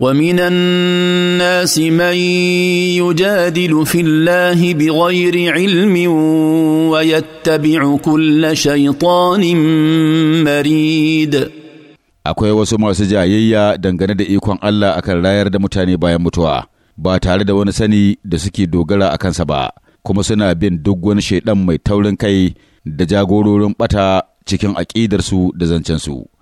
ومن الناس من يجادل في الله بغير علم ويتبع كل شيطان مريد akwai wasu masu jayayya dangane da ikon Allah akan rayar da mutane bayan mutuwa ba tare da wani sani da suke dogara a kansa ba kuma suna bin duk wani shaidan mai taurin kai da jagororin bata cikin aƙidarsu da zancensu.